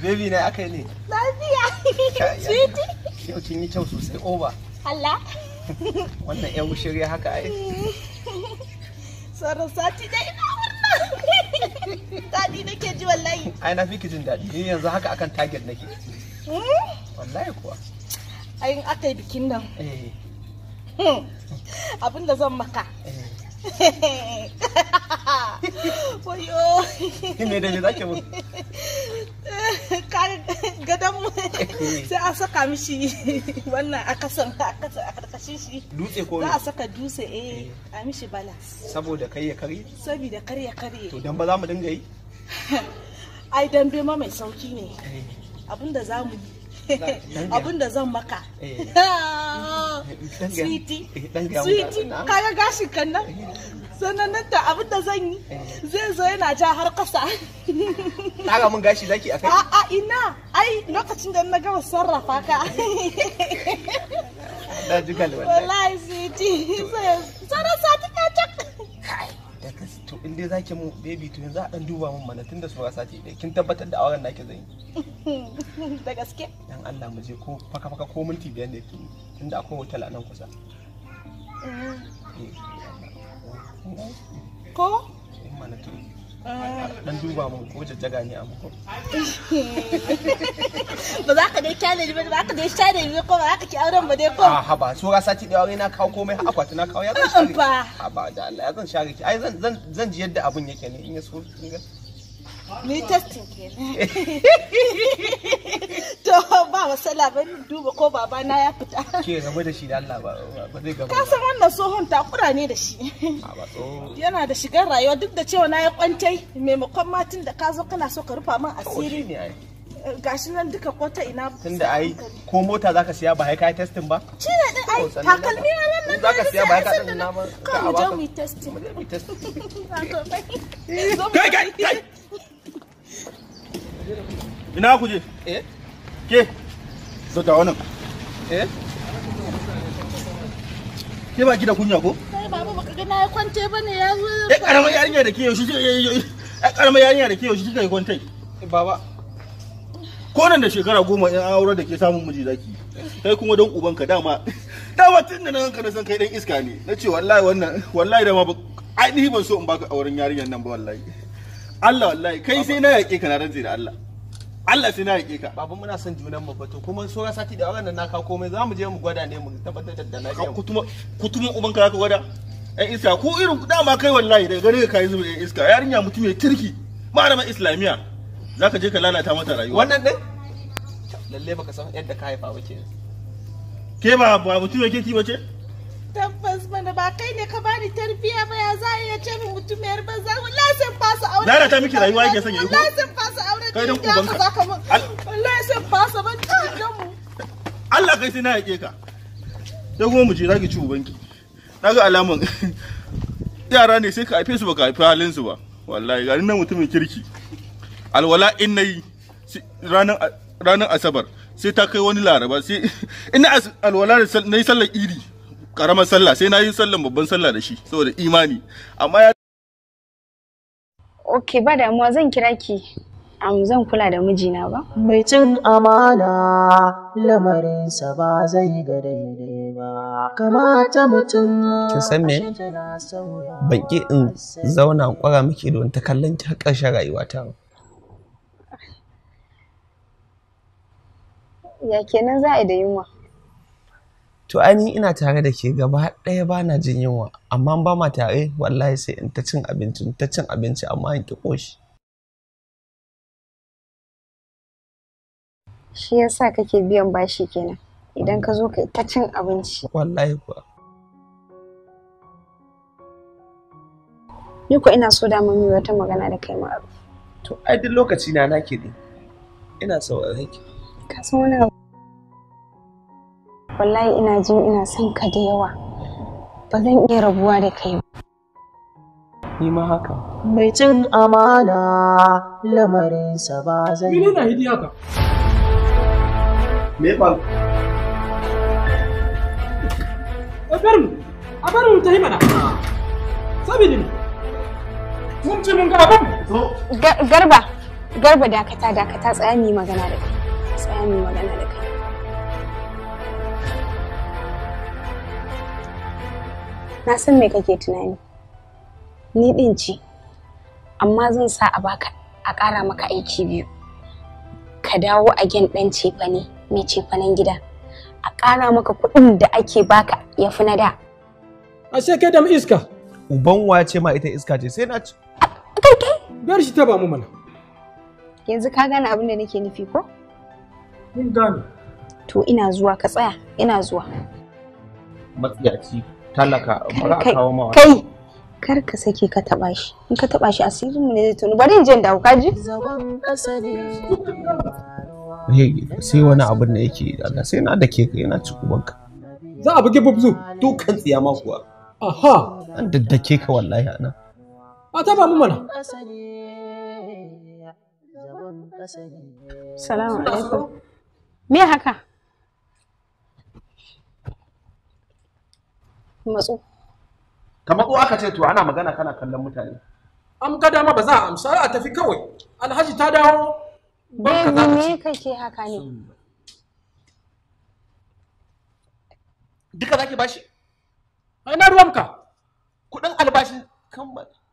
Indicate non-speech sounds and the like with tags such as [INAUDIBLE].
Baby na aka ne. Lafiya. Sweetie. Yau kin yi kyau sosai over. Allah. Wannan yan shirya haka ai. Sauran sati dai ina wannan. dadi nake ji wallahi. Ai na fi ki jin daɗi. Ni yanzu haka akan target nake. Hmm? Wallahi kuwa. Ai in aka yi bikin nan. Eh. Hmm. Abin da zan maka. Eh. wayo ne da a saka mishi wannan a kasan a karkashin shi dutse saka dutse eh, eh. a mishi balas saboda kai karye saboda kar karye to dan za mu dinga [LAUGHS] dambe ma mai sauki ne eh. da za mu yi [LAUGHS] zan maka [LAUGHS] sweetie kaga gashin kan nan sannan nan abin da zan yi zai zo yana ja har kasa kaga mun gashi zaki akai a a ina ai lokacin da na gama sarrafa ka da jugal wallahi sweetie sai sanar in zaki mu baby to yanzu a dan duba mun mana tunda su sati ɗaya kin tabbatar da auren nake zan yi [LAUGHS] da gaske dan Allah mu je ko faka faka ko minti biyar ne tun tunda akwai hotel a nan kusa eh. Eh, ko eh, mana to dan duba mun ko jajjaga ne a muku ba za ka dai kyale ba ba ka dai share ne ko ba ka ki auren ba dai ko a ah, haba so ga sati da aure na kawo komai akwati na kawo ya zan share ba haba da Allah ya zan share ki ai zan zan zan ji yadda abun yake ne in ya so kin ga ni testing [LAUGHS] to [LAUGHS] ba matsala ba ni duba ko baba na ya fita ke gaba da shi da Allah ba ba zai gaba ka san wannan tsohon takura ne da shi ah, [LAUGHS] yana da shigar rayuwa duk da cewa na ya kwantai maimakon matin da ka zo kana so ka rufa min asiri gashi nan duka ko ta ina tunda ai ko mota zaka siya ba kai kai testing ba shi ne din ai takalmi na nan nan zaka siya ba kai testing ba ka mu je mu testing testing [LAUGHS] kai kai kai ina kuje? eh ke zo ta wannan eh ke ba ki da kunya ko kai baba baka ga na kwante bane ya zo eh karamar yarinya da ke yaushe eh karamar yarinya da ke yaushe kika yi kwantai eh, baba ko nan da shekara goma in aure da ke samun miji zaki kai kuma ubanka dama [LAUGHS] dama tun da nan kana san kai dan iska ne na ce wallahi wannan wallahi dama ainihi ban so in baka auren yarinyar nan ba wallahi Allah wallahi kai sai na yaƙe kana rantsi da Allah Allah sai na yake ka babu muna son junan mu ba to kuma sauran sati da wannan na komai za mu je mu gwada ne mu tabbatar da lafiya kutuma kutuma uban ka ka gwada Ai iska ko irin dama kai wallahi da gare ka yi zuwa iska yarinya mutum ya kirki malamin islamiya zaka je ka lalata mata rayuwa wannan din lalle baka san yadda ka haifa ba ke ke ba ba mutum ya ki ba ce tabbas bana ba kai ne ka bani tarbiya ba ya za a iya ce min ba banza wallahi sai fasa aure lalata miki rayuwa yake sanya ku. ko sai fasa kai dan uban ka zaka mun wallahi sai fasa ban cikin mu Allah kai sai na yake ka dan kuma mu je zaki ci uban ki naga alaman [LAUGHS] yara ne sai ka haife su baka haife halin su ba wallahi garin nan mutumin kirki alwala in nayi ranar ranar asabar sai ta kai wani laraba sai [LAUGHS] ina alwala na yi sallar iri karamar sallah sai na yi sallar babban sallah da shi saboda imani amma ya ok ba damuwa zan kira ki zan kula da mijina ba. Mai cin amana lamarinsa ba zai ga daidai ba. Kamata mutum Kin san me? Baki in zauna kwara miki don ta kallon ki har ƙarshen rayuwata. Ya kenan za a yi da yunwa. To ainihin ina tare da ke gaba ɗaya ba na jin yunwa, amma ba ma tare wallahi sai in ta cin abinci, ta cin abinci amma in ki ƙoshi. shi yasa kake biyan bashi kenan idan ka zo ka ta cin abinci wallahi kuwa ni ko ina so da mun yi wata magana da kai ma'aruf to ai duk lokaci na nake ne ina sauraron ki ka san wani abu wallahi ina jin ina son ka da yawa ba zan iya rabuwa da kai ba ni ma haka mai cin amana lamarin sa ba zai yi yana hidiya ka me ya eh, faru a bar mu a bar mu ta yi mana sabili ne. mun ce mun ga mu. garba garba dakata dakata tsaya mu magana da kai tsaya mu magana da kai na san me kake tunani ni din ce amma zan sa a baka a ƙara maka aiki biyu ka dawo a gyan ɗan cefa ne mai cefanen gida a ƙara maka kuɗin da ake baka ya fi na da. Ashe kai dam iska. Uban wace ma ita iska ce sai na ci. Kai kai. Biyar shi ta ba mu mana. Yanzu ka gane abin da nake nufi ko? Mun gane. To ina zuwa ka tsaya ina zuwa. Matsiyaci talaka bari a kawo mawa. Kai kar ka sake ka taba shi in ka taba shi asirin mu ne zai tuni bari in je in dawo ka ji. Zagon asali. sai wani abin da yake daga sai na da ke kai yana ci ubanka za a buge bubzu Dukkan tsiya ma kuwa aha an daddake ka wallahi ana a ta ba mu mana salamu alaikum me haka matsu ka matsu aka ce to ana magana kana kallon mutane an ka dama ba za a amsa a tafi kawai alhaji ta dawo Baby me kake haka ne? Duka zaki bashi? Ai na ruwanka. kudin albashin kan